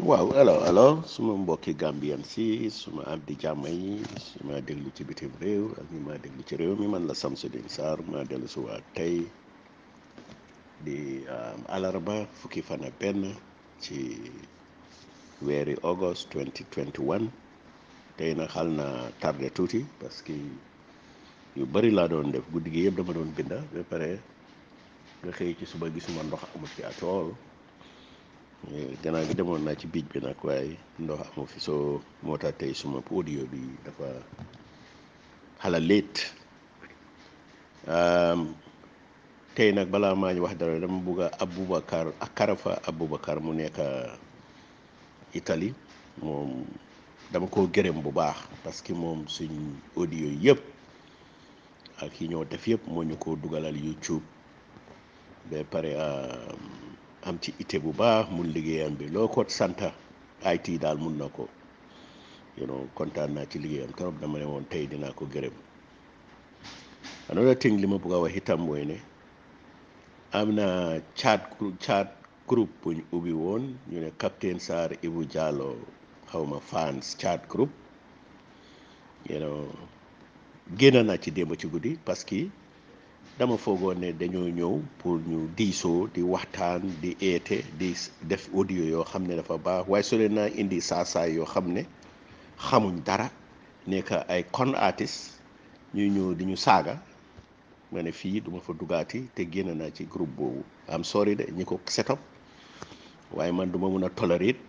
waaw alors alors suma mbokki Gambien si suma am di jàmm yi ma déglu ci bitim réew ak ñi ma déglu ci réew mi man la Samsudeen Sarr ma dellu su waat tey di alarba fukki fan ak benn ci weeri august 2021 tey nag xal na tardé tuuti parce que yu bari laa doon def guddi gi yëpp dama doon binda ba pare nga xëy ci suba gisuma ndox amut ci atool Eh, gannaaw gi demoon naa ci biij bi nag waaye ndox amu fi soo moo tax tey suma audio bi dafa xala léet tey nag balaa maa ñu wax dara dama bugg a Aboubacar Akarafa mu nekk ah, itali moom dama koo gërëm bu baax parce que moom suñ audio yëpp ak yi ñoo def yëpp moo ñu ko dugalal YouTube ba pare. am ci ité bu baax mun liggéeyam bi loo ko santa IT daal mun na ko you kontaan naa ci liggéeyam trop dama ne woon tey dinaa ko gërëm another thing li ma wax itam mooy ne am na chat chat group buñ ubbi woon ñu ne captain Sarr bu Jallo xawma fans chat group you know naa ci démb ci guddi parce dama foogoon ne dañoo ñëw pour ñu diisoo di waxtaan di eete di def audio yoo xam ne dafa baax waaye su leen naa indi saasaay yoo xam ne xamuñ dara nekk ay con artiste ñuy ñëw di ñu saaga ma ne fii duma fa dugaati te génn naa ci groupe boobu am sori de ñi ko set waaye man duma mun a tolerate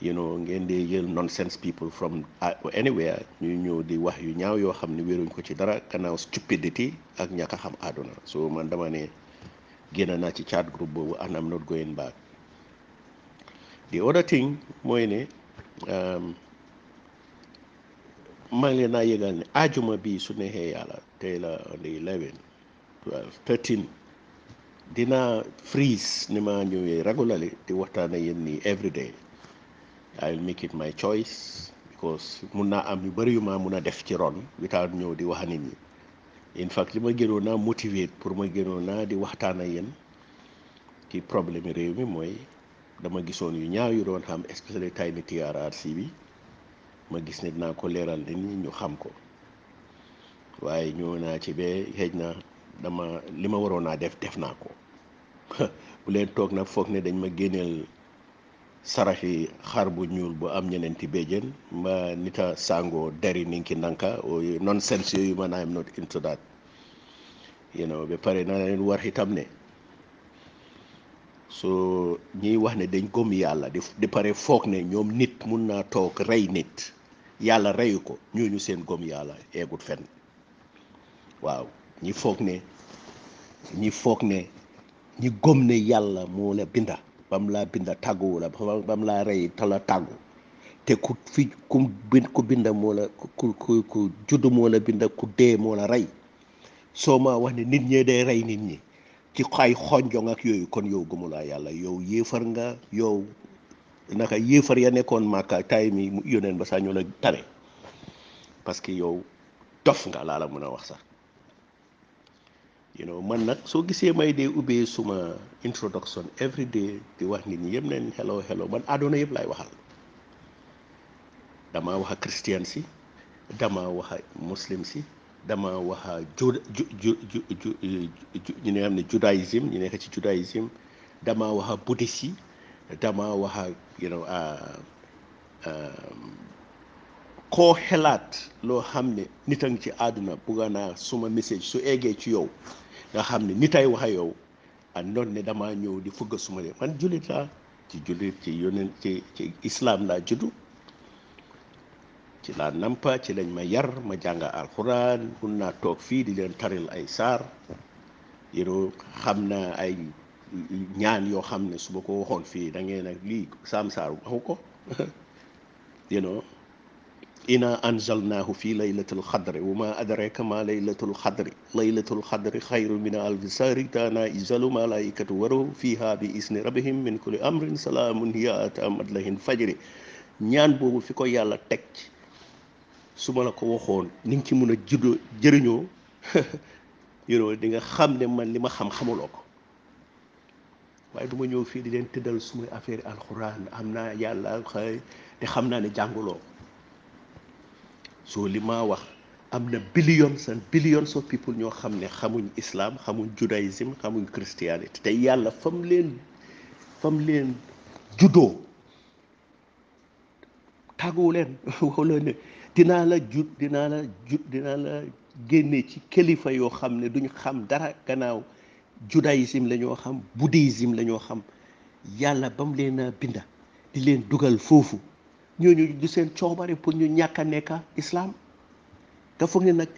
you ngeen di jël nonsense people from uh, anywhere ñu ñëw di wax yu ñaaw yoo xam ne wéeruñ ko ci dara gannaaw stupidity ak ña a xam àdduna so man dama ne génn naa ci chat group boobu and I'm not going back the other thing mooy ne um, maa ngi leen naa yëgal ne ajuma bi su neexee yàlla tey la on the 11 12 dinaa freeze ni ma ñëwee regularly di waxtaan ak yéen nii every day I will make it my choice because mun naa am yu bëri maa mun a def ci ron without ñëw di wax nit ñi in fact li ma gënoon a motiver pour ma gënoon naa di waxtaan ak yéen ci problème réew mi mooy dama gisoon yu ñaaw yu doon xam especially tiny TRRC bi ma gis ne naa ko leeral nit ñi ñu xam ko waaye ñëw naa ci ba xëj na dama li ma waroon naa def def naa ko bu leen toog nag foog ne dañ ma génneel. sarahi harbu ñuul bu am ñenenti bejen ma nita sango dari ninki nanka o nonsense yoyu man i am not into that you know be pare ne so wax ne dañ gëm yàlla di pare foog ne ñoom nit mun naa toog rey nit yàlla reyu ko ñooñu seen gëm yàlla eegut fenn waaw ñi foog ne ñi foog ne ñi gëm ne yàlla moo la binda bam laa bind tàgguwu la bam laa rey te la tàggu te ku fi ku bind ku binda moo la ku ku ku moo la binda ku dee moo la rey soo ma wax ne nit ñee dee rey nit ñi ci xay xonjong ak yooyu kon yow gëmulaa yàlla yow yéefar nga yow naka yéefar ya nekkoon màkka tay mi yóneen ba saa ñu la tane parce que yow dof nga laa la mën a wax sax you man nag soo gisee may dee ubbee suma introduction every day di wax nit ñi yëpp neen hello hello man àdduna yëpp laay waxal damaa wax a christian si damaa wax a muslim si damaa wax a juda ju ne xam ne ñu nekk ci judaïsme damaa wax a bouddhiste si damaa wax a you ah, ah, koo xelaat loo xam ne nit am ci àdduna bugga naa suma message su eggee ci yow nga xam ne ni tay wax a yow andoon ne dama ñëw di fugg suma de man jullit laa ci jullit ci ci ci islam laa juddu ci laa nampa ci lañ ma yar ma jàng alxuraan mun naa toog fii di leen taril ay saar yéen xam na ay ñaan yoo xam ne su ma ko waxoon fii dangeen lii saam saar waxu ko yéen إنا أنزلناه في ليلة القدر وما أدريك ما ليلة القدر ليلة القدر خير من ألف سهر تانا إزال ملائكة ورو فيها بإذن ربهم من كل أمر سلام هي أتأمد لهن فجر نيان بوغو فيكو يالا تك سوما لكو وخون نينكي مونا جدو جرنو يرو ديغا خامن من لما خام خمولوكو waye duma ñew fi di len tedal suma affaire alquran amna yalla xey te xamna ni jangulo soo li maa wax am na billions and billions of people ñoo xam ne xamuñ islaam xamuñ judaïsme xamuñ christianité te yàlla fam leen fam leen juddoo tàgguwu leen waxu dinaa la jut dinaa la génne ci kilifa yoo xam ne duñ xam dara gannaaw judaïsme la ñoo xam bouddhisme la ñoo xam yàlla bam leen a binda di leen dugal foofu ñooñu du seen coobare pour ñu ñàkk a nekk islam nga foog ne nag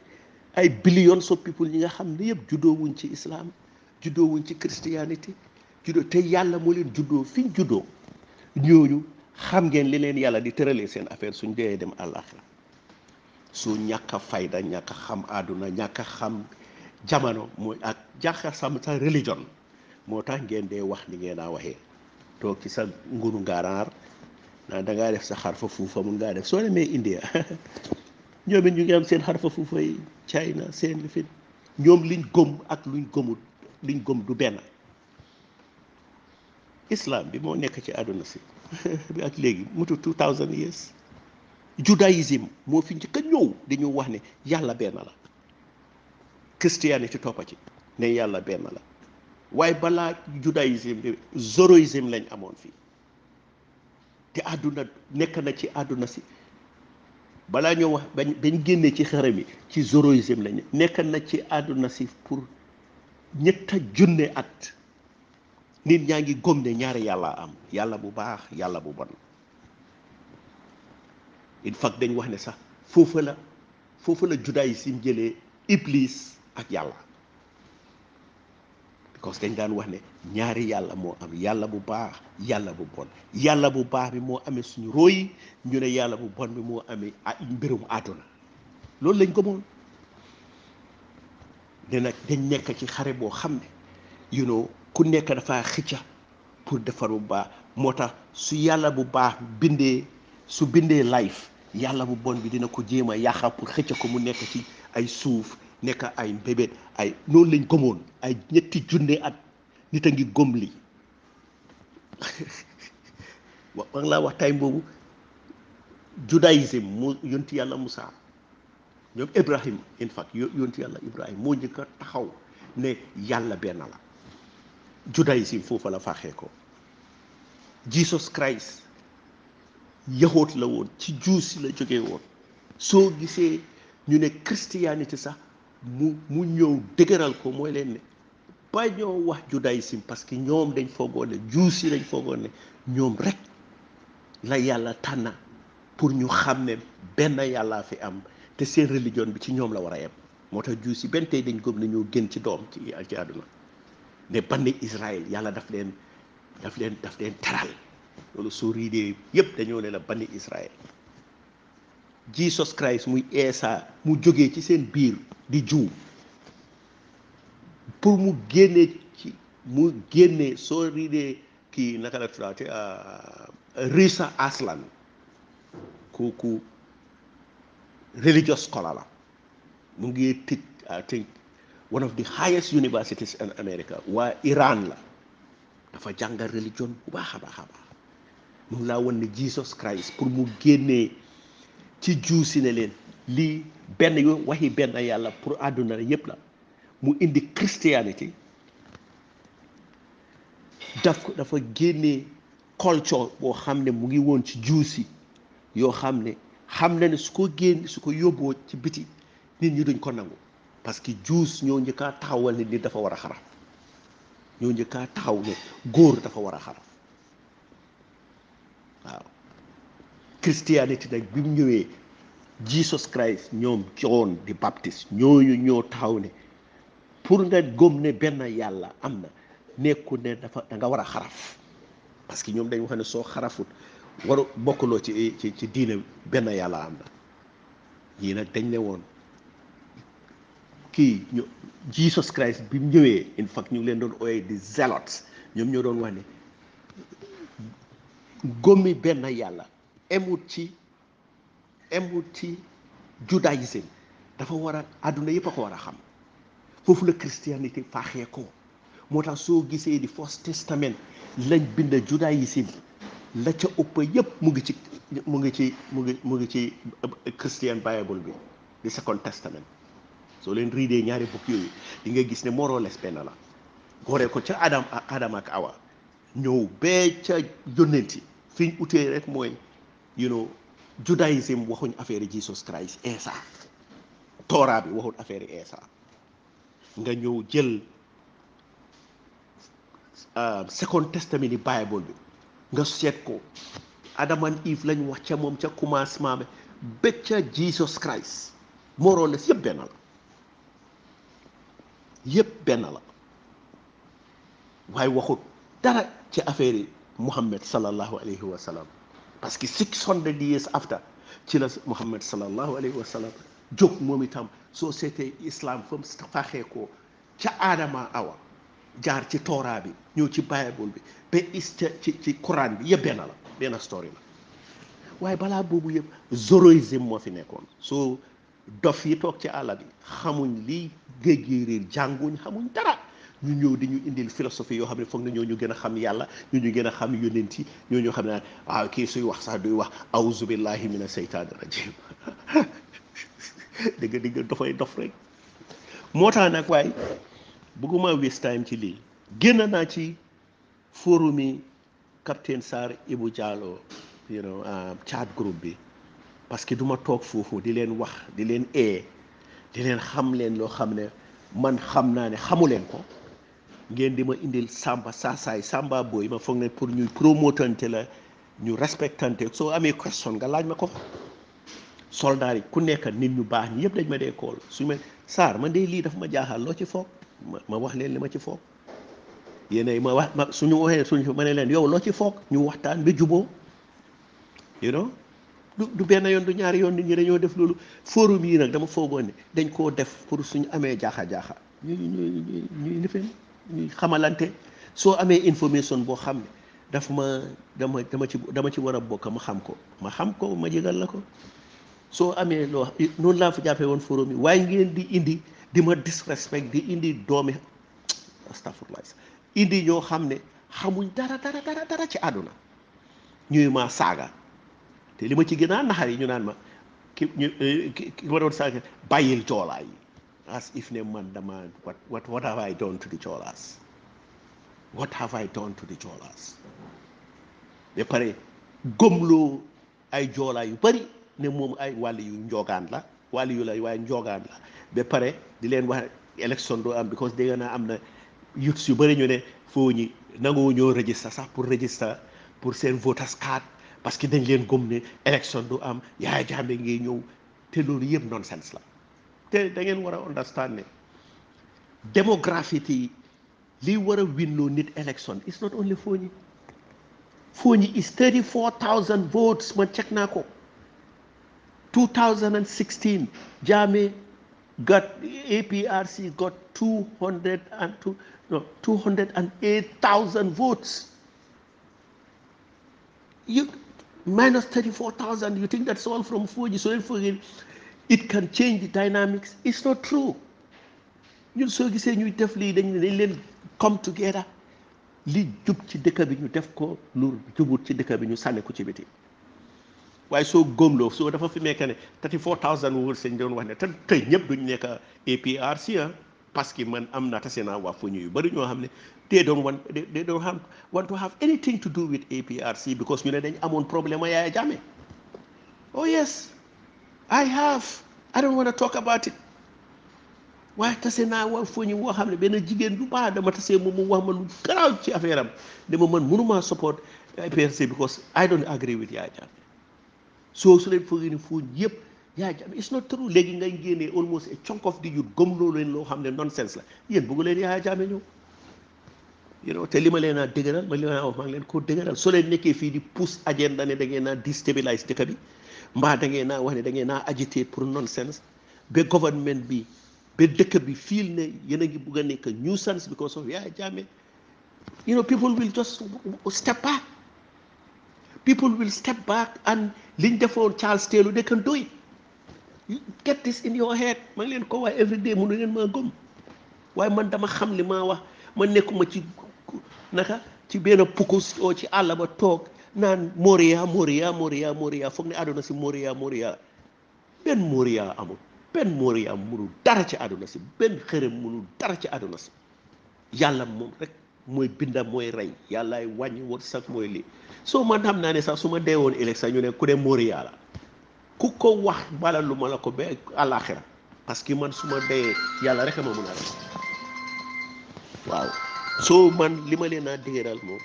ay billions of people ñi nga xam ne yëpp juddoo wuñ ci islaam juddoo wuñ ci christianity juddoo te yàlla moo leen juddoo fi ñu juddoo ñooñu xam ngeen li leen yàlla di tëralee seen affaire suñ dee dem àllaaxira su ñàkk fayda ñàkk xam àdduna ñàkk xam jamono mooy ak jàkka sam sa religion moo tax ngeen dee wax li ngeen a waxee toog ci sa ngunu ngaaraar ndax da def sa xarfa fuufa mun ngaa def soo demee India ñoom it ñu ngi am seen xarfa fuufa yi China seen li fi ñoom liñ gëm ak luñ gëmut liñ gëm du benn islam bi moo nekk ci àdduna si bi ak léegi mutu two thousand years judaïsme moo fi njëkk a ñëw dañu wax ni yàlla benn la christianité toppa ci ne yàlla benn la waaye balaa judaïsme lañ amoon fii te àdduna nekk na ci àdduna si balaa ñoo wax bañ bañ génnee ci xërëm yi ci zoroisme lañu nekk na ci àdduna si pour ñetta junne at nit ñaa ngi gëm ne yàlla am yàlla bu baax yàlla bu bon in fact dañ wax ne sax foofu la foofu la judaïsme jëlee iblis ak yàlla parce dañ daan wax ne ñaari yàlla moo am yàlla bu baax yàlla bu bon yàlla bu baax bi moo amee suñu roo yi ñu ne yàlla bu bon bi moo amee mbirum àdduna loolu lañ ko moon ne nag dañ nekk ci xare boo xam ne you know ku nekk dafa xicca pour defar bu baax moo tax su yàlla bu baax bindee su bindee life yàlla bu bon bi dina ko jéem a yàqa pour xëcca ko mu nekk ci ay suuf nekk ay mbébét ay noonu lañ gëmoon ay ñetti junne at nit a ngi gëm lii wa maa laa wax time boobu judaïsme moo yonti yàlla musa ñoom Ibrahim in fact yonti yàlla Ibrahim moo njëkk taxaw ne yàlla benn la judaïsme foofa la faaxee ko Jesus Christ yahoot la woon ci juus la jógee woon soo gisee ñu ne christianité sax. mu mu ñëw dëgëral ko mooy leen ne ba ñoo wax judaïsme parce que ñoom dañ foogoon ne juus yi dañ foogoon ne ñoom rek la yàlla tànna pour ñu xam ne benn yàllaa fi am te seen religion bi ci ñoom la war a yem moo tax juus yi benn tey dañ gëm ne ñoo gën ci doom ci ci àdduna ne bandi Israël yàlla daf leen daf leen daf leen teral loolu soo riidee yëpp dañoo ne la bandi Israël Jesus Christ mu eesa mu jógee ci seen biir di juu pour mu génnee ci mu génnee soo riidee kii naka la turaate euh, Risa Aslan kooku religious scholar la mu ngi tëj I think one of the highest universities in America waa Iran la dafa jàngal religion bu baax a mu laa won ne Jesus Christ pour mu génnee ci juusi ne leen lii benn yu waxi benn yàlla pour àdduna yépp la mu indi christianity daf ko dafa génnee culture boo xam ne mu ngi woon ci juusi yoo xam ne xam na ne su ko génn su ko yóbboo ci biti nit ñi duñ ko nangu parce que juus ñoo njëkkaa taxawal ne nit dafa war a xaraf ñoo njëkkaa taxaw ne góor dafa war a xaraf christianity nag bi mu ñëwee Jesus Christ ñoom John di ñoo ñooñu ñoo taxaw ne pour nga gëm ne benn yàlla am na nekku ne dafa da nga war a xaraf parce que ñoom dañ wax ne soo xarafut waru bokkuloo ci ci ci diine benn yàlla am na ñii nag dañ ne woon kii ñu Jesus Christ bi mu ñëwee in fact ñu leen doon ooyee di zealots ñoom ñoo doon wax ne gëmmi benn yàlla emut ci emut ci judaïsme dafa war a àdduna yëpp a ko war a xam foofu la christianité faaxee ko moo tax soo gisee di first testament lañ bind judaïsme la ca ëpp yëpp mu ngi ci mu ngi ci mu mu ngi ci euh, christian bible bi di second testament soo leen riidee ñaari bukk yooyu di nga gis ne moroles benn la gooree ko ca adam ak adam ak awa ñëw bee ca yónnenti fiñ ñu rek mooy you know judaïsme waxuñ affaire yi Jesus Christ Isa Torah bi waxul affaire yi nga ñëw jël euh, second testament yi bible bi nga seet ko Adam Eve lañ wax ca moom ca commencement bi ba ca Jesus Christ moroon yëpp benn la yëpp benn la waaye waxut dara ci affaire yi Muhammad sallallahu alayhi wa parce que six hundred years after ci la Muhammad sallallahu alayhi wa moom itam société islam fa mu faaxee ca aadama awa jaar ci tooraa bi ñëw ci bible bi ba ista ci ci bi yëpp benn la benn story la waaye balaa boobu yëpp zoroisme moo fi nekkoon soo dof yi toog ci àll bi xamuñ lii géej gi réer jànguñ xamuñ dara ñu ñëw di ñu indil philosophie yoo xam ne foog na ñoo ñu gën a xam yàlla ñu ñu gën a xam yónent yi ñoo ñu xam ne waaw kii suy wax sax duy wax awzu billahi mina seytaani rajim dëgg dëgg dafay dof rek moo tax nag waaye bëgguma waste time ci lii génn naa ci forum yi capitaine Sarr Ibou Diallo you know uh, chat bi parce que du ma toog foofu di leen wax di leen ee di leen xam leen loo xam ne man xam naa ne xamu leen ko ngeen di ma indil samba saasaay samba booy ma foog ne pour ñuy promotante la ñu respectante soo amee question nga laaj ma ko soldat yi ku nekk nit ñu baax ñi yëpp dañ ma dee kool su ma saar man de lii daf ma jaaxal ci foog ma wax leen li ma ci foog yéen ma wax ma suñu waxee suñu ma ne leen yow loo ci foog ñu waxtaan ba juboo you know du du benn yoon du ñaari yoon nit ñi dañoo def loolu forum yi nag dama foogoon ne dañ koo def pour suñu amee jaaxa jaaxa ñu ñu ñu ñu ñu ñuy xamalante soo amee information boo xam ne daf ma dama dama ci dama ci war a bokk ma xam ko ma xam ko ma jégal la ko soo amee loo noonu laa fa jàppee woon forum yi waaye ngeen di indi di ma disrespect di indi doomi astafurlah indi ñoo xam ne xamuñ dara dara dara dara ci àdduna ñuy ma saaga te li ma ci gën a naxar yi ñu naan ma ki ñu eh, ki ma doon bàyyil joolaa as if they what, what, what have I done to the Cholas? What have I done to the Cholas? ba pare gëmloo ay joolaa yu bari ne moom ay wàll yu njoogaan wali wàll yu la waaye njoogaan la ba pare di leen wax élection doo am because dégg naa am na youths yu bari ñu ne foo ñi nangoo register sax pour register pour send voters card parce que dañ leen gëm ne élection du am yaay jaambe ngay ñëw te loolu yëpp nonsense la te da ngeen war a understand ne démographie lii war a winloo nit élection it's not only Fonyi Fonyi is thirty four thousand votes man check naa ko two thousand and sixteen Jammeh got APRC got two hundred and two no two hundred and eight thousand votes you minus thirty four thousand you think that's all from Fonyi so you forget it can change the dynamics it's not true ñun soo gisee ñuy def lii dañ dañ leen come together li jub ci dëkk bi ñu def ko lu jubut ci dëkk bi ñu sànni ko ci biti waaye soo góomloo soo dafa fi nekk ne thirty four thousand wóor seen doon wax ne te tey ñëpp duñ nekk APRC ah parce que man am naa tase naa waa fu ñu yu bëri ñoo xam ne they don't want they, they don't have, want to have anything to do with APRC because ñu ne dañ amoon problème yaaya jàmme oh yes I have I don't want to talk about it waaye tase naa waa foo ñu woo xam ne benn jigéen du baax dama tase moom mu wax ma lu garaaw ci affaire am dama man mënuma support APRC because I don't agree with Yaya Jammeh soo su leen foogee ni foo yëpp Yaya Jammeh it's not true léegi ngay génnee almost a chunk of the youth gëm loo leen loo xam ne nonsense la yéen bëggu leen Yaya Jammeh ñëw you know te li ma leen a dëgëral ma li ma leen wax maa ngi leen koo dëgëral soo leen nekkee fii di pousse agenda ne da ngeen a déstabilise dëkk bi mbaa da ngeen naa wax ne da ngeen naa agité pour nonsense ba government bi ba dëkk bi fiil ne yéen a ngi bugg a nekk nuisance because of Yaya Jammeh you know people will just step back people will step back and liñ defoon Charles Taylor they can do it you get this in your head ma leen ko wax every day mënu leen maa gëm waaye man dama xam li maa wax ma nekkuma ci naka ci benn pukus oo ci àll ba toog naan Moria Moria Moria Moria foog ne àdduna si Moria Moria benn Moria amul benn Moria munul dara ci àdduna si benn xërëm munul dara ci àdduna si yàlla moom rek mooy binda mooy rey yàllaay wàññi war sax mooy lii soo man xam naa ne sax su ma dee woon sax ñu ne ku ku ko wax bala la ko ba àllaaxira parce que man su ma dee yàlla rek ma li ma leen a dëgëral moom.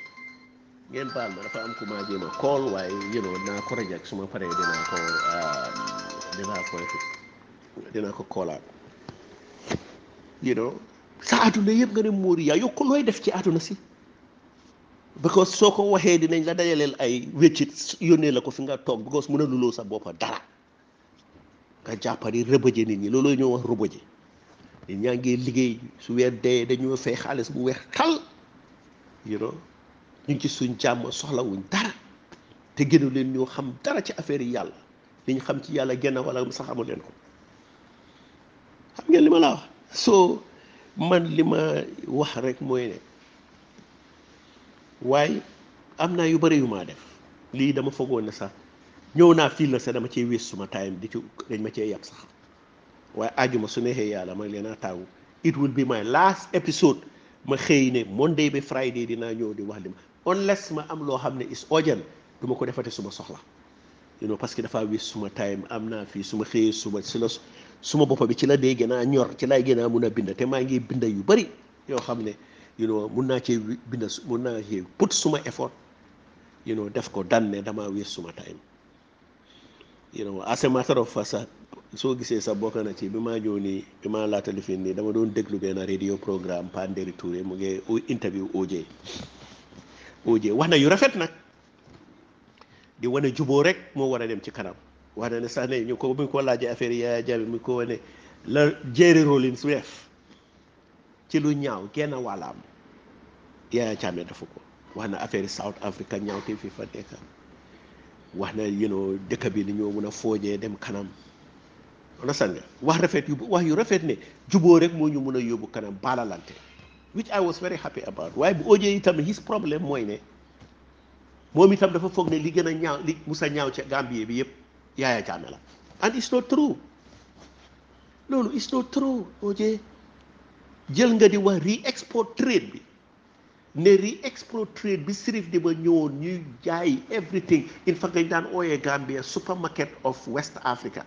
ngeen baal ma dafa am ku ma jéem a su ma paree dinaa ko um, dinaa ko dinaa ko koolaat you know sa àdduna yëpp nga ne Moriya yow ko looy def ci àdduna si because soo ko waxee dinañ la dajaleel ay wéccit yónnee la ko fi nga toog because mun a luloo sa boppa dara nga jàppani rëbëje nit ñi looloo ñoo wax rëbëje nit ñaa ngi liggéey su weer dee dañoo fay xaalis bu weex tal you ñu ngi ci suñ jàmm soxlawuñ dara te gënu leen ñoo xam dara ci affaire yi yàlla li xam ci yàlla genn wala sax amu leen ko xam ngeen li ma la wax soo man li ma wax rek mooy ne waaye am naa yu bari yu maa def lii dama foogoon ne sax ñëw naa fii la sax dama cee wés suma time di ci dañ ma cee yàpp sax waaye ajuma su neexee yàlla ma leen a taawu it will be my last episode ma xëy ne Monday ba Friday dinaa ñëw di wax li ma unless ma am loo xam ne is urgent du ma ko defate suma soxla you know parce que dafa wis suma time am naa fii suma xëyee suma si la suma boppa bi ci la dee gën a ñor ci laay gën a mun a bind te maa ngi binda yu bari yoo xam ne you know mun naa ci binda mun naa cee put suma effort you know def ko dan ne damaa wis suma time you know as a matter of fact sax soo gisee sax bokk na ci bi maa ñëw nii bi maa laata lifin nii dama doon déglu benn radio programme Panderi Touré OJ wax na yu rafet nag di wane juboo rek moo war a dem ci kanam wax na ne sax ne ñu ko bu ñu ko laajee affaire Yaya Jammeh mu ko la Jerry Rawlings ci lu ñaaw genn wàllaam Yaya Jammeh dafa ko wax na affaire South Africa ñaaw te fi fa nekk wax na you dëkk bi ni ñoo mun a foojee dem kanam on nga wax rafet yu wax yu rafet ne juboo rek moo ñu mun a yóbbu kanam baalalante. which I was very happy about waaye bu OJ itam his problem mooy ne moom itam dafa foog ne li gën a ñaaw li musa ñaaw ca Gambie bi yëpp Yaya Jammeh la and it's not true loolu it's not true OJ jël nga di wax re-export trade bi ne re-export trade bi sirif di ba ñëwoon ñuy jaay everything in fact dañ daan ooyee Gambia supermarket of West Africa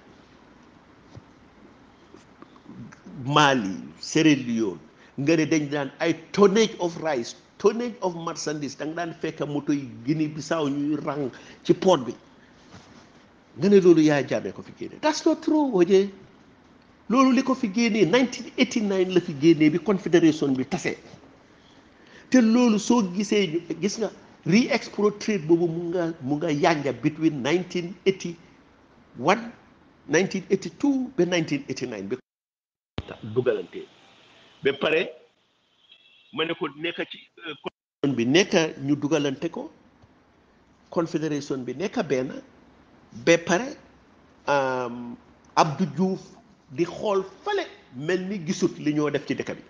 Mali Sierra Leone nga ne dañ daan ay tonnage of rice tonnage of marchandise da nga daan fekk moto yi Guinée Bissau ñuy rang ci port bi nga ne loolu yaa jàmmee ko fi génnee that's not true wajee loolu li ko fi génne génnee 1989 la fi génne bi confédération bi tase te loolu soo gisee gis nga re-export trade boobu mu nga mu nga yànja between 1981 1982 ba 1989 bi ba pare ma ne ko nekk ci confédération euh, bi nekk ñu dugalante ko confédération bi nekk benn ba pare euh, Abdou juuf di xool fale mel ni gisut li ñoo def ci dëkk bi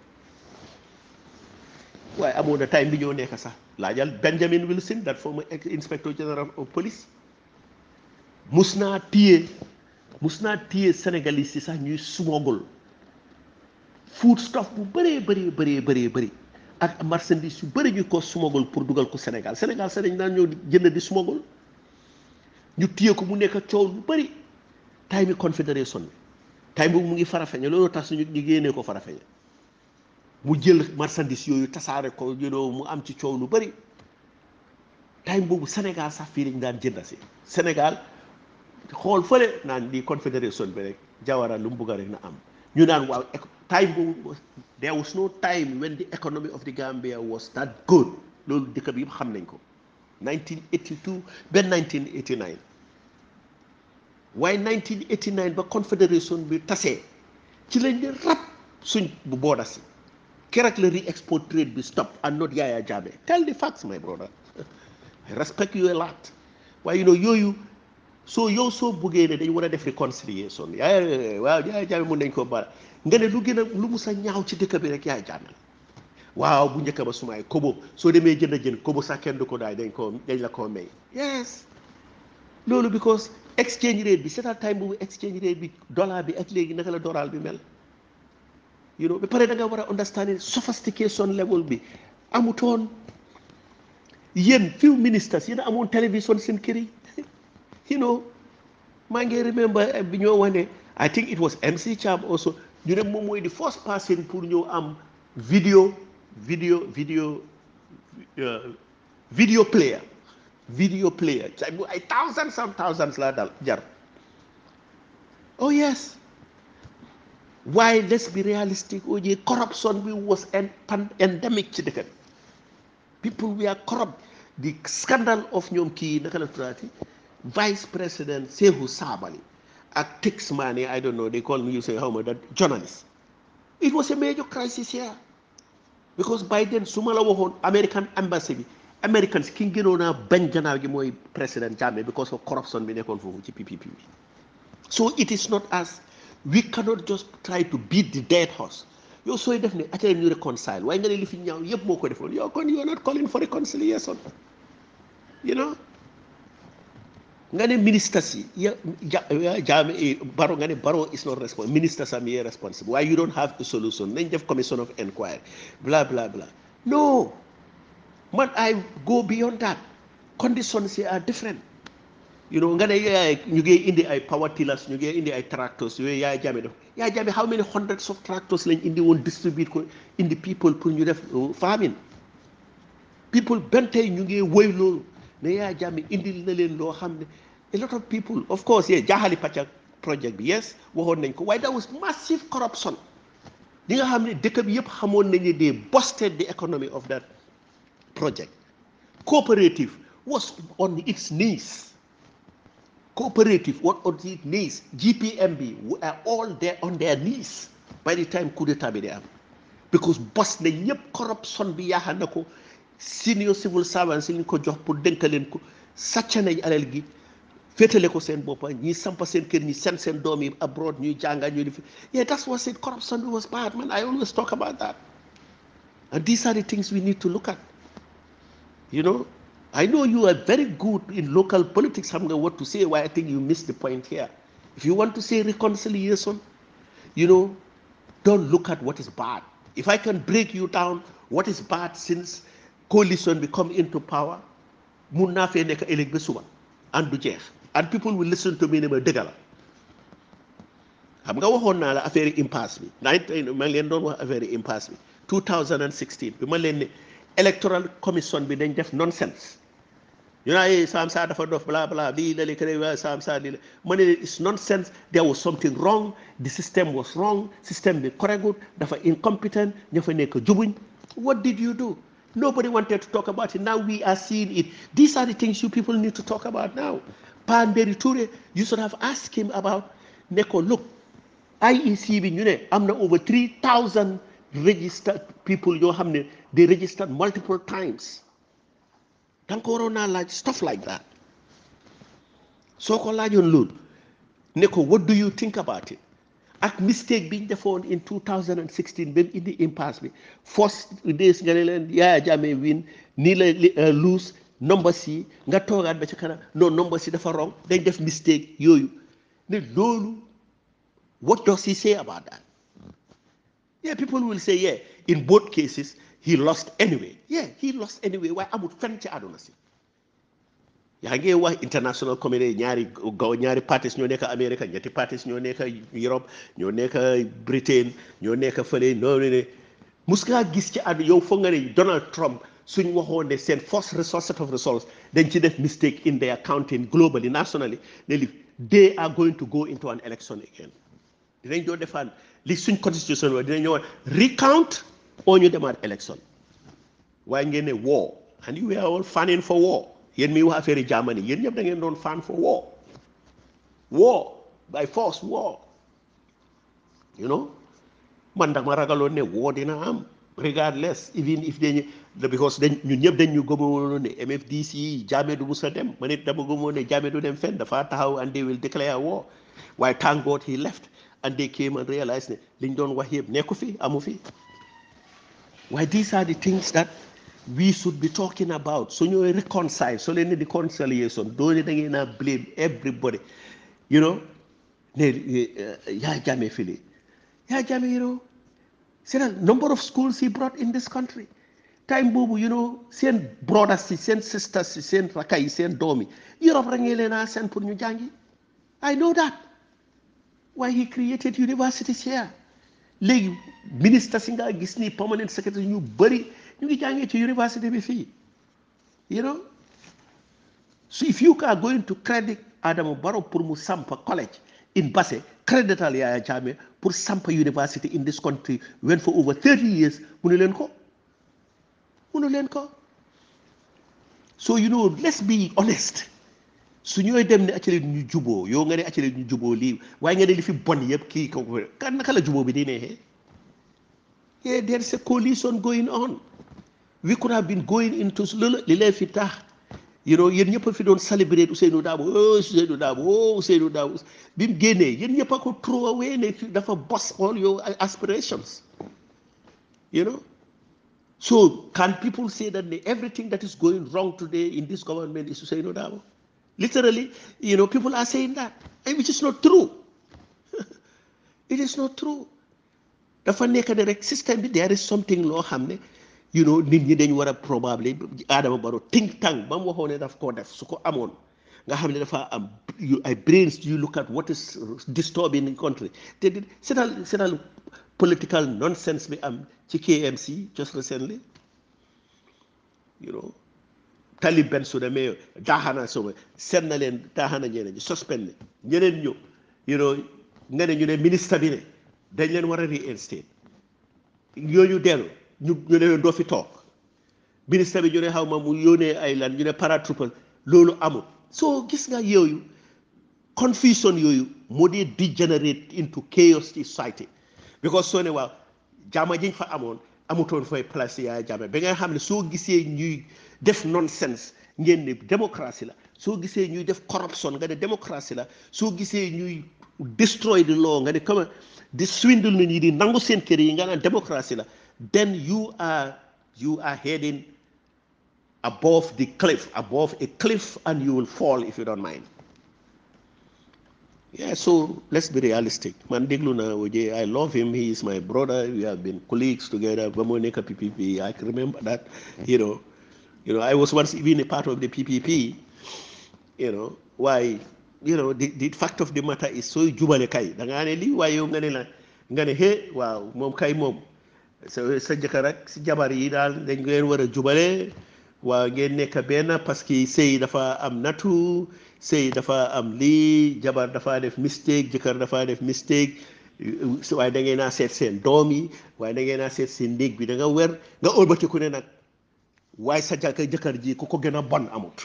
waaye amoon na time bi ñoo nekk sax laajal Benjamin Wilson that former inspector general of police mus naa téye mus naa téye Sénégalais yi sax ñuy sumogul foodstuff bu bëree bëree bëree bëree bëri ak marchandise yu bëri ñu ko smuggle pour dugal ko Sénégal Sénégal sax dañ daan ñëw di jënd di smuggle ñu ko mu nekk coow lu bëri time confédération bi time boobu mu ngi farafeñe tax suñu ñu génnee ko farafeñe mu jël marchandise yooyu tasaare ko jëloo mu am ci coow lu bëri time boobu Sénégal sax fii lañ daan jënd si Sénégal xool fële naan di confédération bi rek jawara lu mu bugg rek na am. you know time there was no time when the economy of the Gambia was that good 1982 then 1989 Why 1989 But confédération be tasee ci rap di rab suñ bu si re-export trade bi stop and not Yaya Jammeh tell the facts my brother I respect you a lot Why you know you you. soo yow soo buggee ne dañ war a def réconciliation yaay waaw yaay jaame mun nañ koo bara nga ne lu gën a lu mus a ñaaw ci dëkk bi rek yaay jaame la waaw bu njëkk ba sumaay kobo soo demee jën a jën kobo sax kenn du ko daay dañ koo dañ la koo may yes loolu because exchange rate bi seetal time boobu exchange rate bi dollar bi ak léegi naka la dollar bi mel you know ba pare da nga war a understand sophistication level bi amutoon yéen few ministers yéen amoon télévision seen kër yi you know Mange remember eh, I think it was MC Champ also You know, moom the first person put your um video video video uh, video player video player thousands some thousands dal jar oh yes Why let's be realistic oh, corruption was endemic ci dëkk bi people were corrupt the scandal of ñoom kii Vice President Sehu Sabali, a tax money, I don't know, they call me, you say, how much, that journalist. It was a major crisis here. Because Biden, Sumala wohon American embassy, Americans, kinginona gënoon a président Jammeh because of corruption bi PPP so it is not us. we cannot just try to beat the dead horse You so definitely, I tell you, reconcile Why nga ne li you are not calling for reconciliation you know nga ne ministers yi ya jaam eh, baro nga ne baro is not responsible ministers am yee responsible why you don't have a solution nañ def commission of enquiry, bla bla bla no man I go beyond that conditions here are different you know nga ne yaay ñu ngi indi ay power tillers ñu ngi indi ay tractors yooyu yaay jaame eh. def yaay jaame eh, how many hundreds of tractors lañ indi woon distribute ko indi people pour ñu def farming people bentay ñu ngi woy loolu ne yaa leen loo xam ne a lot of people of course yes jaaxali pàcca project bi yes waxoon nañ ko waaye that was massive corruption li nga xam ne dëkk bi yëpp xamoon nañu they busted the economy of that project cooperative was on its knees cooperative was on its knees GPMB were all there on their knees by the time coup d'état bi di am because bos nañ ñëpp corruption bi yaaxa na ko senior civil servants ñu ko jox pour dénk leen ko sàcc nañ alal gi féetale ko seen boppa ñi sampa seen kër ñi seen doom yi abroad ñuy jànga ñuy def yeah that's what said corruption was bad man I always talk about that and these are the things we need to look at you know I know you are very good in local politics xam nga what to say why I think you missed the point here if you want to say reconciliation you know don't look at what is bad if I can break you down what is bad since coalition bi come into power mun naa fee nekk ëllëg ba suba and du jeex and people will listen to me ne ma dëgg la xam nga waxoon naa la affaire impasse bi nine maa ngi leen doon wax affaire impasse bi 2016 bi ma leen ne electoral commission bi dañ def nonsense You know, yee Sam Sarr dafa dof bla bla lii la lii keneen waaye Sam Sarr lii la it's nonsense there was something wrong the system was wrong system bi correct dafa incompetent ña fa nekk jubuñ what did you do Nobody wanted to talk about it. Now we are seeing it. These are the things you people need to talk about now. Pan Beriture, you should have asked him about Neko. Look, IECB, I'm now over 3,000 registered people, You have, they registered multiple times. Then Corona, like stuff like that. So, Neko, what do you think about it? ak mistake biñ defoon in 2016 in indi impasse bi force days nga ne leen Yaya Jammeh win nii la euh, lose numbers yi nga toogaat ba ci kanam non numbers yi dafa wrong dañ def mistake yooyu ne loolu what does he say about that yeah people will say yeah in both cases he lost anyway yeah he lost anyway waaye amul fenn ci àdduna si yaa wa international community ñaari gaw ñaari parties ñoo nekk America ñetti parties ñoo nekk Europe ñoo nekk Britain ñoo nekk fële noonu ne mus ngaa gis ci àdd yow nga ne Donald Trump suñ waxoon ne seen first resource set of results dañ ci def mistake in their accounting globally nationally ne li they are going to go into an election again dinañ doo defaan li suñ constitution wa dinañ ñëwaat recount oo ñu demaat election waaye ngeen ne war and you were all fanning for war yéen miy wax affaire yi jaamani yéen ñëpp da ngeen doon fan for war war by force war you know man dama ragaloon ne war dina am regardless even if dañu because dañ ñun ñëpp dañ ñu gëmoon ne MFDC jaame du musa dem man it dama gëmoon ne jaame du dem fenn dafa taxaw and they will declare war waaye thank God he left and they came and realized ne liñ doon wax yëpp nekku fi amu fi waaye these are the things that. we should be talking about so you reconcile so leen reconciliation. do conciliation not ne blame everybody you know yeah, eh, yaa fili you know see the number of schools he brought in this country time boobu you know seen brothers yi seen sisters yi seen raka yi seen doom yi Europe rek jàngi I know that why he created universities here Like minister singa gisni permanent secretary you bury. You can get to university with fee. You know? So if you are going to credit Adam Baro, pour mu college in Basse, credit al Yaya Jammeh pour university in this country when for over 30 years munu len ko. Munu len ko. So you know, let's be honest. su ñooy dem ne actually ñu juboo yow nga ne actually ñu juboo lii waaye nga ne li fi bon yëpp kii ko kan naka la juboo bi di neexee yeah, there's a coalition going on we could have been going into li leen fi tax you know yéen ñëpp a fi doon célébrer Ousseynou Dabo oh Ousseynou Dabo oh Ousseynou Dabo bi mu génnee yéen ñëpp a ko throw away ne dafa boss all your aspirations you know so can people say that everything that is going wrong today in this government is Ousseynou Dabo literally you know people are saying that and which is not true it is not true dafa nekk ne rek système bi there is something loo xam ne you know nit ñi dañ war a probably Adama Baro. think tank ba mu waxoon ne daf koo def su ko amoon nga xam ne dafa am ay brains you look at what is disturbing the country te seetal seetal political nonsense bi am ci KMC just recently you know tali benn su demee daaxana soma seet na leen daaxana ñeneen ñi suspend ñeneen ñu you know nga ne ñu ne ministre bi ne dañ leen war a reinstate yooyu dellu ñu ñu ne doo fi toog ministère bi ñu xaw ma mu yónnee ay lan ñu ne paratroopers loolu amul soo gis nga yooyu confusion yooyu moo dee degenerate into chaos ci society because soo ne waaw jaama jiñ fa amoon amutoon fay place Yahya Jammeh ba nga xam ne soo gisee ñuy def nonsense ngeen ne démocratie la soo gisee ñuy def corruption nga ne démocratie la soo gisee ñuy destroy the law nga ne comme di swindle nit ñi di nangu seen kër yi nga naan démocratie la then you are you are heading above the cliff, above a cliff, and you will fall if you don't mind. Yeah, so let's be realistic. Mandigluna I love him. He is my brother. We have been colleagues together. PPP. I can remember that. You know, you know, I was once even a part of the PPP. You know, why? You know, the, the fact of the matter is so le kai. Dangane li wa ngane la ngane he wow mom kai mom. sa jëkkër ak si jabar yi daal dañ ngeen war a jubale waa ngeen nekk benn parce que sëy dafa am nattu sëy dafa am lii jabar dafa def mistake jëkkër dafa def mistake waaye da ngeen seet seen doom yi waaye da ngeen naa seet seen néeg bi da nga wer nga ëlbatiku ne nag waaye sa jàkka jëkkër ji ku ko gën a bon amut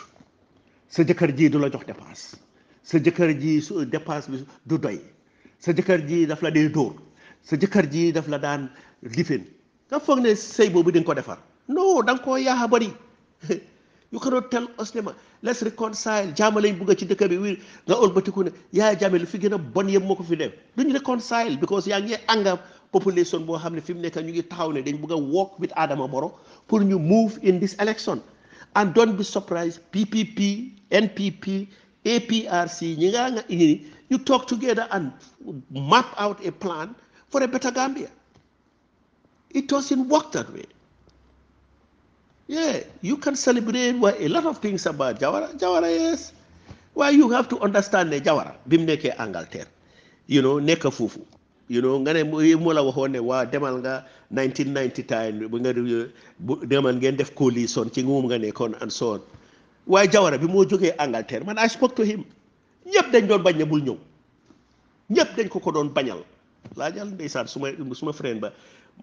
sa jëkkër ji du la jox dépense sa jëkkër ji su dépense bi du doy sa jëkkër ji daf la dee dóor sa jëkkër ji daf la daan lifin nga foog ne sëy boobu di ko defar non da nga koo yaaxa bari yu ko doon tel oslema let's reconcile jàmm lañ bugg ci dëkk bi wi nga olbatiku ne yaaya jàmme lu fi gën a bon yëpp moo ko fi dem def duñ reconcile because yaa ngi anga population boo xam ne fi mu nekk ñu ngi taxaw ne dañ bugg a walk with Adama Barrow pour ñu move in this election and don't be surprised PPP NPP APRC ñi nga nga ñi ñu talk together and map out a plan for a better Gambia. It doesn't work that way. Yeah, you can celebrate well, a lot of things about Jawara. Jawara, yes. Well, you have to understand the Jawara. Bimneke Angalter, You know, neka fufu. You know, ngane mula la wa demal nga 1990 time bu nga demal ngeen def coalition ci ngum nga nekkon and so on. Way Jawara bi mo joge Angleterre man I spoke to him. Ñep dañ doon bañ ne bul ñew. Ñep dañ ko ko doon bañal. laajal ndeysaan su ma su ma frère ba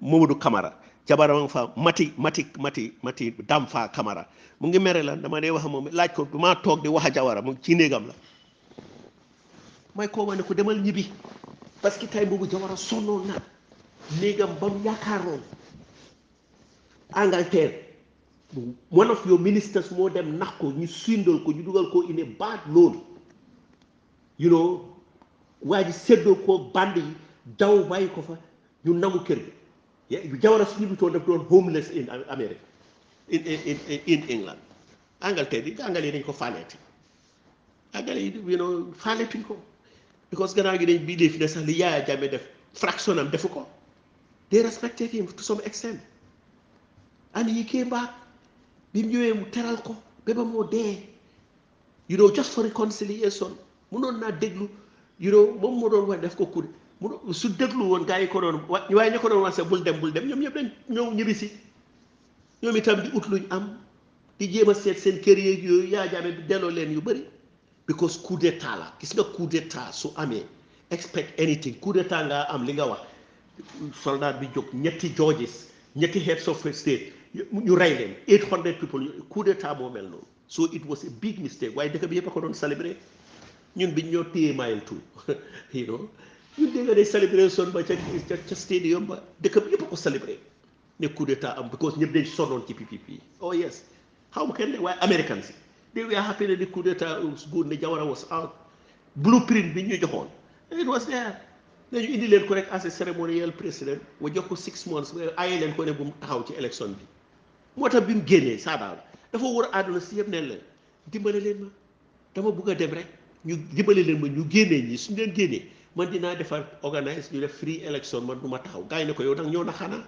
Mamadou Camara jabaram fa mati mati mati mati dam fa Camara mu ngi mere la dama dee wax moom laaj ko du maa toog di wax a jawara mu ci néegam la may koo wane ko demal ñibbi parce que tay boobu jawara sonnoon na néegam ba mu yaakaaroon Angleterre one of your ministers moo dem nax ko ñu sindool ko ñu dugal ko in a bad you know waa ji séddoo ko band daw bàyyi ko fa ñu nangu kër gi jamono su ñu bitoon daf doon homeless in Amérique in in in England Angleterre yi jàngale yi dañ ko faaleeti angale yi you know faaleetuñ ko because gannaaw gi dañ bii dee fi ne sax li yaaya jàmme def fraction am defu ko they respected him to some extent and he came back bi mu ñëwee mu teral ko ba moo dee you know just for reconciliation mënoon naa déglu you know moom moo doon wax def ko coup mu su déglu woon gars yi ko doon wa waaye ñu ko doon wax bul dem bul dem ñoom ñëpp dañ ñëw ñibbisi ñoom itam di ut luñ am di jéem a seet seen kër yeeg yooyu yaa jaame bi delloo leen yu bëri because coup d'état la gis nga coup d'état su amee expect anything coup d'état nga am li nga wax soldat bi jóg ñetti Georges ñetti heads of state ñu rey leen 800 people coup d'état moo mel noonu so it was a big mistake waaye dëkk bi yëpp a ko doon célébrer ñun biñ ñoo téye maayal tout you know you think nga day célébré son ba ca ca stadium ba dëkk bi yëpp ko célébré ne coup d'état am because ñëpp dañ sonnoon ci PPP oh yes xaw ma kenn de waaye Americans they were happy the coup d'état uh, góor ne Jawara was out blueprint bi ñu joxoon it was there They indi leen ko rek as a ceremonial president wa jox ko six months ba aye leen ko ne bu mu taxaw ci élection bi moo tax bi mu génnee saadaal dafa war a àdduna si yëpp neen leen dimbale leen ma dama bugg a dem rek ñu dimbale leen ma ñu génnee ñi suñ leen génnee man dinaa defar organise ñu def free election man du ma taxaw gars yi ne ko yow nag ñoo na xanaa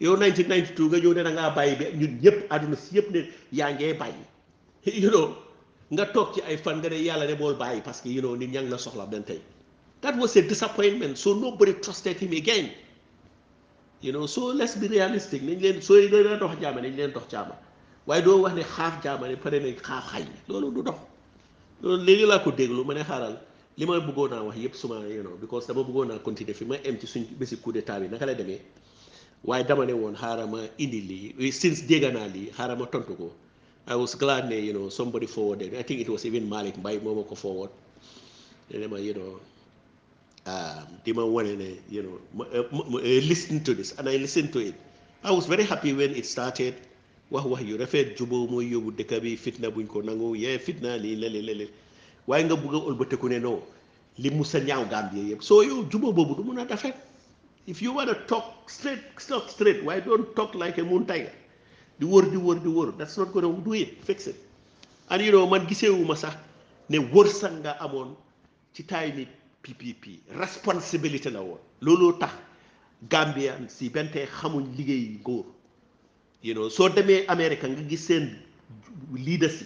yow 1992 nga ñëw ne da ngaa bàyyi ba ñun ñëpp àdduna si yëpp ne yaa ngee bàyyi you know nga toog ci ay fan nga ne yàlla ne bool bàyyi parce que you know nit ñaa ngi la soxla benn tey that was sa disappointment so nobody trusted him again you know so let's be realistic nañ leen sooy leen dox jaama nañ leen dox jaama waaye doo wax ne xaaf jaama ne pare nañ xaaf xay du dox loolu léegi laa ko déglu ma ne xaaral Lima ma na a wax yëpp suma you know because dama bëggoon na continuer fi ma am ci suñ bési coup d'état bi naka la demee waaye dama ne woon xaaral ma indi lii since dégg naa lii tontu ko I was glad ne you know somebody forwarded I think it was even Malik Mbaye moo ko forward ne you know um, di ma wane ne you know eh, eh, listen to this and I listened to it I was very happy when it started wax wax yu rafet jubo mooy yóbbu dëkk bi fitna buñ ko nangu yee fitna lii lele lale waaye nga bugg a ne non li mu sa ñaaw Gambie yëpp soo yow jubóo boobu du mun a defet if you wanna talk straight talk straight waaye doon talk like a moon tiger di wër di wër di wër that's not gonna do it fix it and you man giseewuma sax ne wër wërsëg nga amoon ci taay nit PPP responsibility la woon looloo tax Gambian si bentee xamuñ liggéey góor you know soo demee Amérique nga gis seen leaders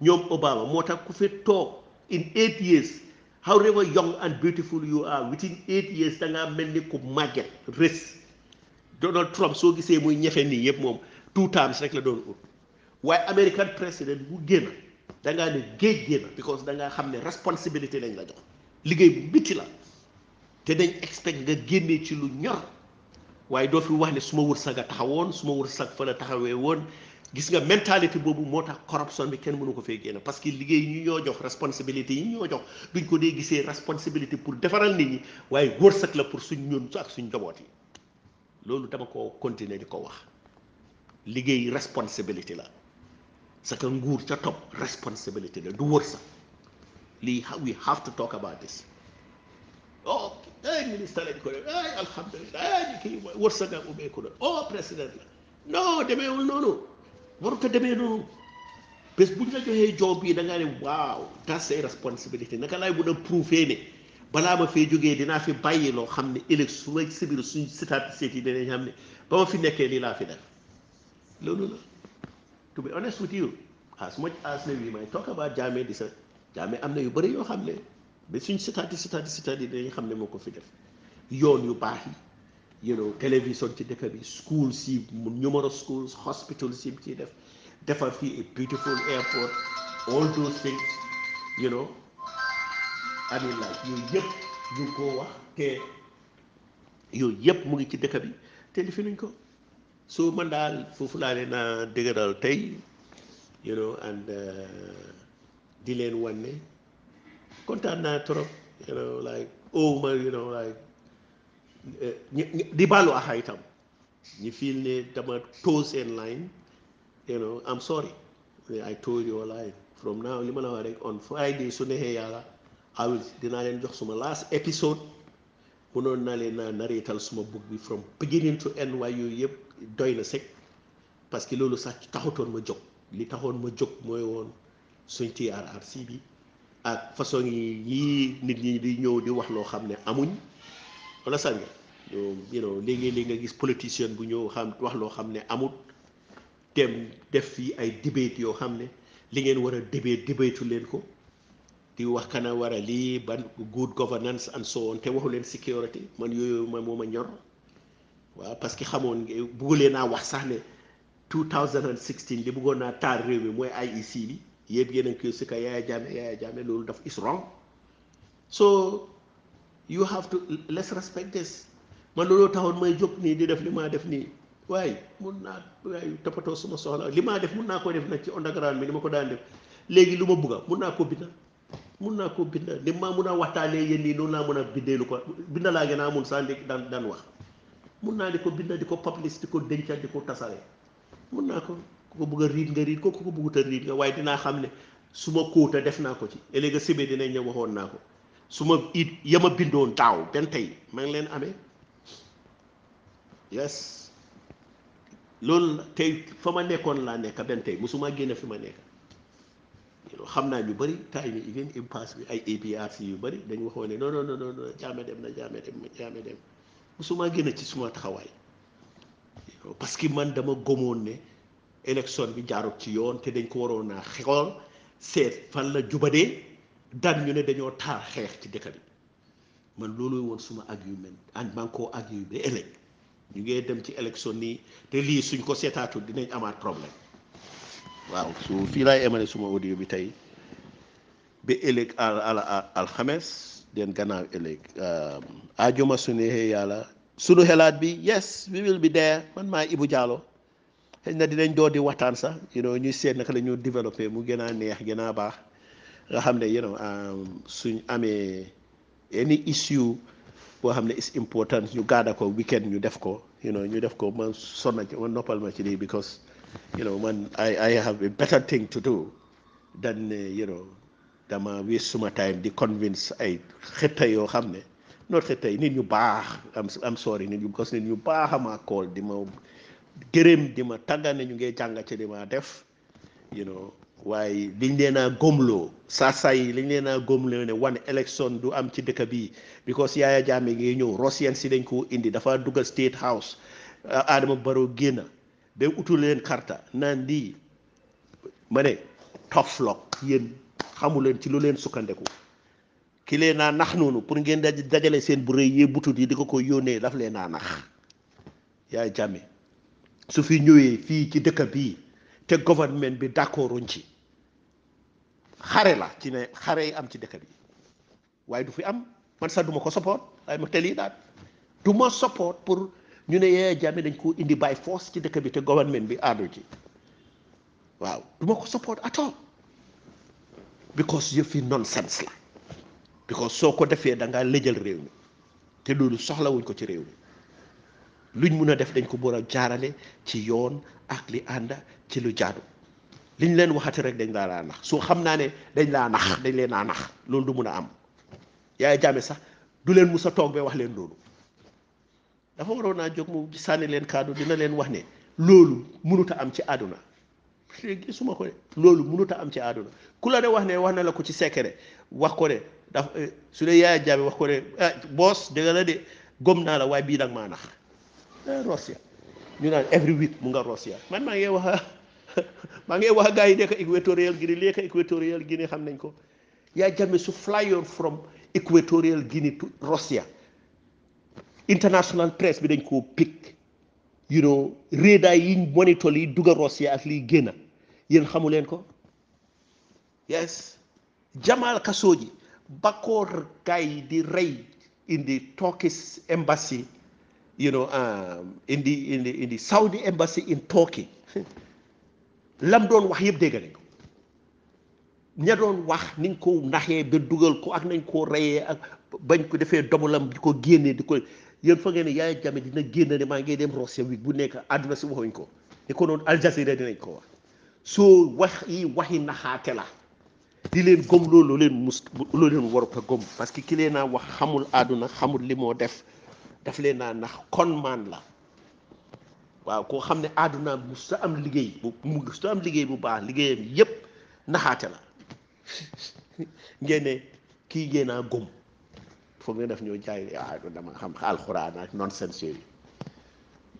yi ñoom Obama moo tax ku fi toog in eight years however young and beautiful you are within eight years da ngaa mel ni ku màgget rés Donald Trump soo gisee muy ñefe nii yëpp moom two times rek la doon ut waaye American president bu génn da ne géej génn because da ngaa xam ne responsibility lañ la jox liggéey bu bitti la te dañ expect nga génnee ci lu ñor waaye doo fi wax ne su ma wërsëg a taxawoon su ma wërsëg fa la taxawee woon gis nga mentalité boobu moo tax corruption bi kenn mënu ko fee génn parce que liggéey ñu ñoo jox responsabilité yi ñoo jox duñ ko dee gisee responsabilité pour defaral nit ñi waaye wërsëg la pour suñ ñun ak suñ njaboot yi loolu dama ko continuer di ko wax liggéey responsabilité la sa ka nguur ca topp responsabilité la du wërsëg lii we have to talk about this oh ay ministre lañ ko def ay alhamdulilah ay kii wërsëg ak ubbeeku la oh président la non noonu. waru ko demee noonu bés bu ñu la joxee job bii da nga ne waaw tas say responsabilité naka laay mun a prouver ne balaa ma fee jógee dinaa fi bàyyi loo xam ne ëllëg su ma si suñ statistiques yi dinañ xam ne ba fi nekkee lii laa fi def loolu la to be honest with you as much as ne we might talk about di sa Jammeh am na yu bëri yoo xam ne ba suñ statistiques yi dinañ xam ne moo ko fi def yoon yu baax yi. you know télévision ci dëkk bi schools yi numerous schools hospitals yi mu ciy def defar fii a beautiful airport all those things you know amin la yooyu yëpp ñu ngi koo wax te yooyu yëpp mu ngi ci dëkk bi te lifi ko so man daal foofu laa leen a dëgëral you know and uh, di leen wan ne kontaan naa trop you know like oh my, you know like di baalu axa itam you feel ne dama toes seen line you know I'm sorry li ma la wax rek on Friday su neexee yàlla awil dinaa leen jox suma last episode mënoon naa leen naa nareetal suma book bi from beginning to end waaye yooyu yëpp doy na sëg parce que loolu sax taxutoon ma jóg li taxoon ma jóg mooy woon suñ TRRC bi ak façon yi yii nit ñi di ñëw di wax loo xam ne amuñ understand nga you know léegi-léegi nga gis politicien bu ñëw xam wax loo xam ne amut dem def fii ay debate yoo xam ne li ngeen war a debate debatetu leen ko di wax kana war a lii ban good governance and so on te waxu leen security man yooyu ma moo ma ñor waaw parce que xamoon buggulee naa wax sax ne 2016 li bëggoon naa taal réew mi mooy IEC bi yéen ngeen a ngi koy si ka Yaya Jammeh loolu daf is wrong so you have to let's respect this man looloo taxoon may jóg nii di def li maa def nii waaye mun naa waaye toppatoo suma soxla li maa def mun naa koo def nag ci underground bi ni ma ko daan def léegi lu ma bugga mun naa ko binda mun naa ko binda ni maa mun a waxtaanee yéen nii noonu laa a bindee lu ko binda laa gën a mun saa nekk daan daan wax mun naa di ko binda di ko publish ko denca di ko tasaare mun naa ko ku ko bugg a riit nga riit ko ko buggut a riit nga waaye dinaa xam ne su ma kóota def naa ko ci ëllëg a sibee dinañ ñëw waxoon naa ko su ma it yama bindoon daaw benn tey ma leen amee yes loolu la tey fa ma nekkoon laa nekk benn tey musuma génne fi ma nekk xam naa ñu bari time yi even impasse bi ay APRC yu bari dañ waxoon ne non non non non jaame dem na jaame dem jaame dem musuma génne ci suma taxawaay parce que man dama gëmoon ne élection bi jaarut ci yoon te dañ ko waroon naa xool seet fan la jubadee. daan ñu ne dañoo taal xeex ci dëkk bi man looluy woon suma argument ak maa ngi koo argument ba ëllëg ñu ngee dem ci élection nii te lii suñ ko seetaatul dinañ amaat problème waaw su fii laay emale suma audio bi tey ba ëllëg al alxames den gannaaw ëllëg euh, ajuma su neexee yàlla sunu xelaat bi yes bi will be there man maa Ibu Jallow xëy na dinañ door di waxtaan sax you know ñuy seet naka la ñu mu gën a neex gën a baax nga xam ne you know um, suñ amee any issue boo xam ne is important ñu gaada ko weekend ñu def ko you know ñu def ko ma sonna ci noppal ma ci lii because you man I I have a better thing to do than uh, you ay xëtta yoo xam ne not xëtta yi nit ñu baax am am sorry nit ñu because nit ñu baax amaa kool di ma gërëm di ma tàgga ne ñu ngee jàng ci li ma def you waaye liñ leen a góomloo saa saa yi liñ leen a góomloo ne wan élection du am ci dëkk bi because Yaya jàmme ngi ñëw Russian si dañ koo indi dafa dugal State House uh, Adama Barrow génn ba utul leen karta naan lii ma ne tough luck yéen xamu leen ci lu leen sukkandeku ki leen naa nax noonu pour ngeen dajale seen bu rëy yee butut yi di ko ko yónnee daf leen naa nax Yaya Jammeh su fi ñëwee fii ci dëkk bi te gouvernement bi d'accorduñ ci. xare la ci ne xare yi am ci dëkk bi waaye du fi am man sax du ma ko support waaye ma teel yi daal du ma support pour ñu ne Yaya Jammeh dañ koo indi by force ci dëkk bi te government bi aadu ci waaw du ma ko support at all because yëf yi nonsense la because soo ko defee da ngaa lëjal réew mi te loolu soxlawuñ ko ci réew mi luñ mun a def dañ ko boor a jaarale ci yoon ak li ànd ci lu jaadu. liñ leen waxat rek dañ laa nax soo xam naa ne dañ laa nax dañ leen naa nax loolu du mun a am yaay jaame sax du leen mus a toog ba wax leen loolu dafa waroon naa jóg mu sànni leen kàddu dina leen wax ne loolu mënut a am ci àdduna léegi loolu mënut a am ci àdduna ku la de wax ne wax na la ko ci secret wax ko de daf eh, su dee yaay jaame wax ko de ah boos dëgg la de gom naa la waaye bii nag maa nax eh, Russia ñu naan every week mu nga Russia man maa ngi wax ah, ma ngi wax gaay nek equatorial guinée lek equatorial guinée xam nañ ko ya jamme su flyer from equatorial guinea to russia international press bi dañ ko pick you know reda yi monitor li duga russia ak li gena yeen xamulen ko yes jamal kasoji bakor gaay di ray in the turkish embassy you know um, in the in the in the saudi embassy in turkey lam doon wax yëpp dégg nañ ña doon wax niñ ko naxee ba dugal ko ak nañ koo reyee ak bañ ko defee domalam di ko génnee di ko yéen fa ngeen ne yaay jame dina génn ne maa ngi dem rossiya wi bu nekk àdduna si waxuñ ko ni ko noonu Al Jazeera dinañ ko wax soo wax yi waxi naxaate la di leen gom loolu leen mus loolu leen waru ko gom parce que ki leen naa wax xamul àdduna xamul li moo def daf leen naa nax kon maan la waaw koo xam ne àddunaam mus ta am liggéey bu mus ta am liggéey bu baax liggéeyam yépp naxaate la ngeen kii génnaa gom foog ne daf ñoo jaay ah, dama xam alxuraan ak nonsense yooyu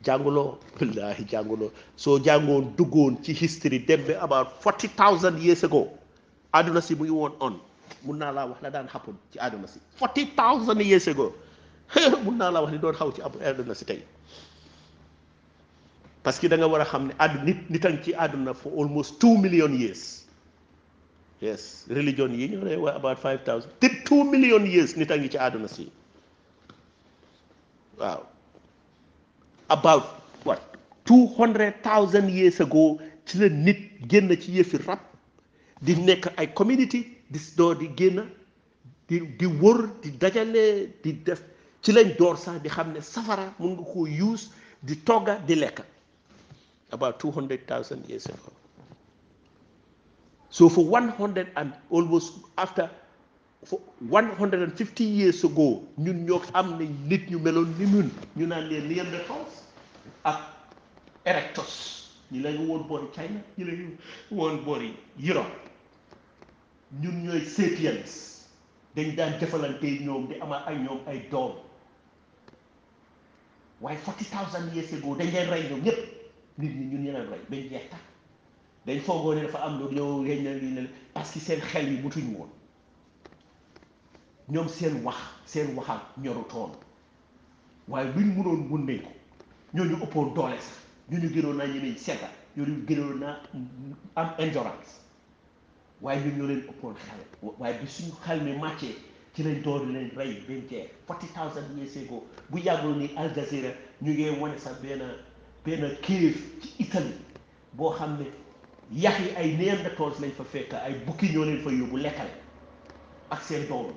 jànguloo wallaahi jànguloo soo jàngoon duggoon ci history dem ba about forty thousand years ago àdduna si mu ngi woon on mun naa laa wax la daan xapoon ci àdduna si forty thousand years ago mun naa laa wax li doon xaw ci àdduna si tey parce que da nga war a xam ne àdduna nit nit a ci àdduna for almost two million years yes religion yi ñu ne waa about five thousand te two million years nit a ngi ci àdduna si waaw about what two hundred thousand years ago ci la nit génn ci yëfi rab di nekk ay community di door di génn di di wër di dajale di def ci lañ door sax di xam ne safara mun nga koo use di togga di lekk about 200,000 years ago. So for 100 and almost after for 150 years ago ñun ñoo am nañ nit ñu meloon ni ñun ñu naan leen Neanderthals ak Erectus ñi la ngi woon boori China ñi la ngi woon boori Europe ñun ñooy sapiens dañ daan defalante ñoom di ama ay ñoom ay doom waaye 40,000 years ago dañ leen rey ñoom ñëpp nit ñi ñu leen roy bañ jeex tàkk dañ foogoo ne dafa am lu ñëw yeñ na seen xel yi mutuñ woon ñoom seen wax seen waxal ñoru toon waaye luñ mënoon ëppoon doole sax ñooñu gënoon naa ñemeñ sedda ñooñu gënoon naa am endurance waaye ñun ñoo leen ëppoon xel waaye bi suñu xel mi màccee ci lañ door leen rey benn jeex forty thousand years ago bu yàggoo ni Al ñu ngee wane sax benn kéef ci Italie boo xam ne yax yi ay néandertals lañ fa fekk ay bukki ñoo leen fa yóbbu lekkale ak seen doom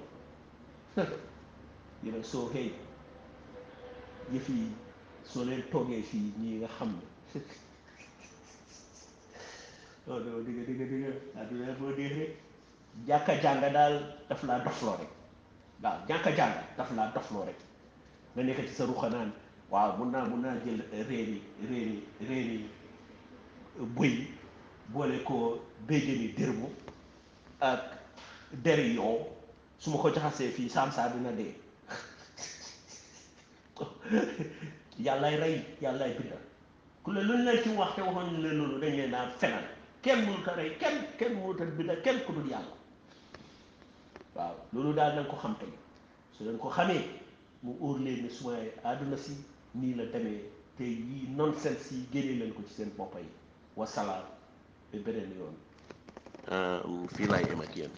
yi nag soo xëy yëf yi soo leen toogee fii ñii nga xam ne non non dëgg dëgg dëgg adduna dafa neex rek jàkka jànga daal daf laa dofloo rek waaw jàkka jànga daf laa dofloo rek nga nekk ci sa ruxanaan waaw mun naa mun naa jël reeni reeni reeni euh, bëy boole ko béjjëni dërbu ak deri yow su ma ko jaxasee fii saam-saa dina dee yàlla rey yàllaay binda ku la luñ leen ci wax te waxoon la loolu dañ leen naa fenal kenn kenn ko binda waaw loolu daal nañ ko xam tamit su leen ko xamee mu óor leen ne su àdduna si nii la demee te yii nonsense yi génnee leen ko ci seen boppa yi wasalaam ba beneen yoon euh, fii laay yem